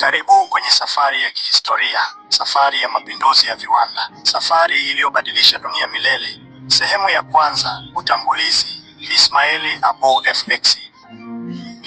Karibu kwenye safari ya kihistoria, safari ya mapinduzi ya viwanda, safari iliyobadilisha dunia milele. Sehemu ya kwanza: utangulizi. Ismail Abu FX.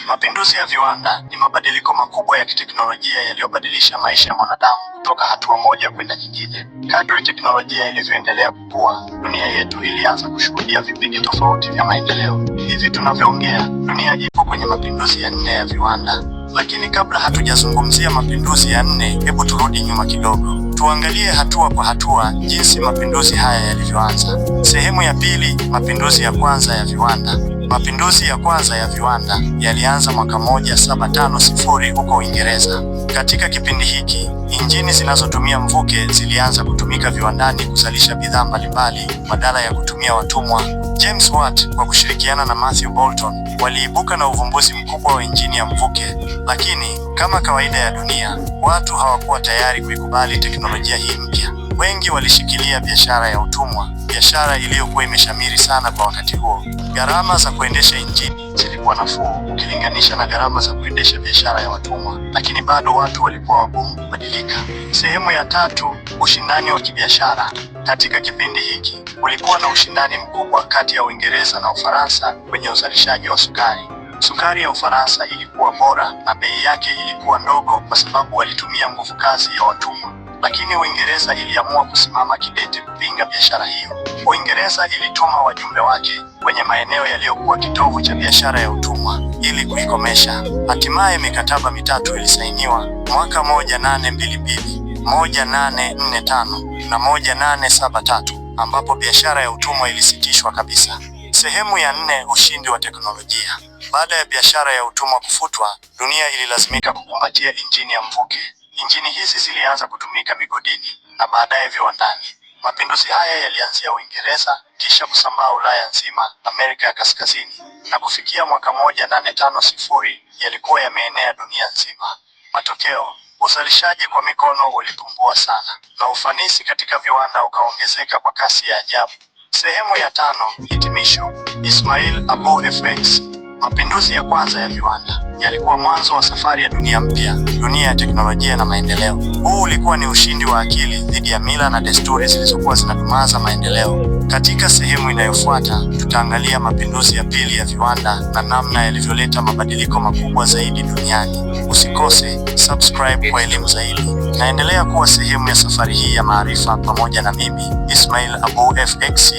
Mapinduzi ya viwanda ni mabadiliko makubwa ya kiteknolojia yaliyobadilisha maisha ya mwanadamu kutoka hatua moja kwenda nyingine. Kadri teknolojia ilivyoendelea kukua, dunia yetu ilianza kushuhudia vipindi tofauti vya maendeleo. Hivi tunavyoongea, dunia ipo kwenye mapinduzi ya nne ya viwanda. Lakini kabla hatujazungumzia mapinduzi ya nne, hebu turudi nyuma kidogo, tuangalie hatua kwa hatua jinsi mapinduzi haya yalivyoanza. Sehemu ya pili, mapinduzi ya kwanza ya viwanda. Mapinduzi ya kwanza ya viwanda yalianza mwaka 1750 huko Uingereza. Katika kipindi hiki, injini zinazotumia mvuke zilianza kutumika viwandani kuzalisha bidhaa mbalimbali badala ya kutumia watumwa James Watt kwa kushirikiana na Matthew bolton waliibuka na uvumbuzi mkubwa wa injini ya mvuke, lakini kama kawaida ya dunia, watu hawakuwa tayari kuikubali teknolojia hii mpya. Wengi walishikilia biashara ya utumwa, biashara iliyokuwa imeshamiri sana kwa wakati huo. Gharama za kuendesha injini zilikuwa nafuu ukilinganisha na gharama za kuendesha biashara ya watumwa, lakini bado watu walikuwa wagumu kubadilika. Sehemu ya tatu: ushindani wa kibiashara. Katika kipindi hiki kulikuwa na ushindani mkubwa kati ya Uingereza na Ufaransa kwenye uzalishaji wa sukari. Sukari ya Ufaransa ilikuwa bora na bei yake ilikuwa ndogo kwa sababu walitumia nguvu kazi ya watumwa lakini Uingereza iliamua kusimama kidete kupinga biashara hiyo. Uingereza ilituma wajumbe wake kwenye maeneo yaliyokuwa kitovu cha biashara ya utumwa ili kuikomesha. Hatimaye mikataba mitatu ilisainiwa mwaka 1822, 1845 na 1873, ambapo biashara ya utumwa ilisitishwa kabisa. Sehemu ya nne: ushindi wa teknolojia. Baada ya biashara ya utumwa kufutwa, dunia ililazimika kukumbatia injini ya mvuke. Injini hizi zilianza kutumika migodini na baadaye viwandani. Mapinduzi haya yalianzia Uingereza kisha kusambaa Ulaya nzima, Amerika ya Kaskazini na kufikia mwaka moja nane tano sifuri yalikuwa yameenea dunia nzima. Matokeo, uzalishaji kwa mikono ulipungua sana na ufanisi katika viwanda ukaongezeka kwa kasi ya ajabu. Sehemu ya tano, hitimisho. Ismail Abu FX Mapinduzi ya kwanza ya viwanda yalikuwa mwanzo wa safari ya dunia mpya, dunia ya teknolojia na maendeleo. Huu ulikuwa ni ushindi wa akili dhidi ya mila na desturi zilizokuwa zinadumaza maendeleo. Katika sehemu inayofuata, tutaangalia mapinduzi ya pili ya viwanda na namna yalivyoleta mabadiliko makubwa zaidi duniani. Usikose subscribe kwa elimu zaidi. Naendelea kuwa sehemu ya safari hii ya maarifa pamoja na mimi Ismail Abu FX.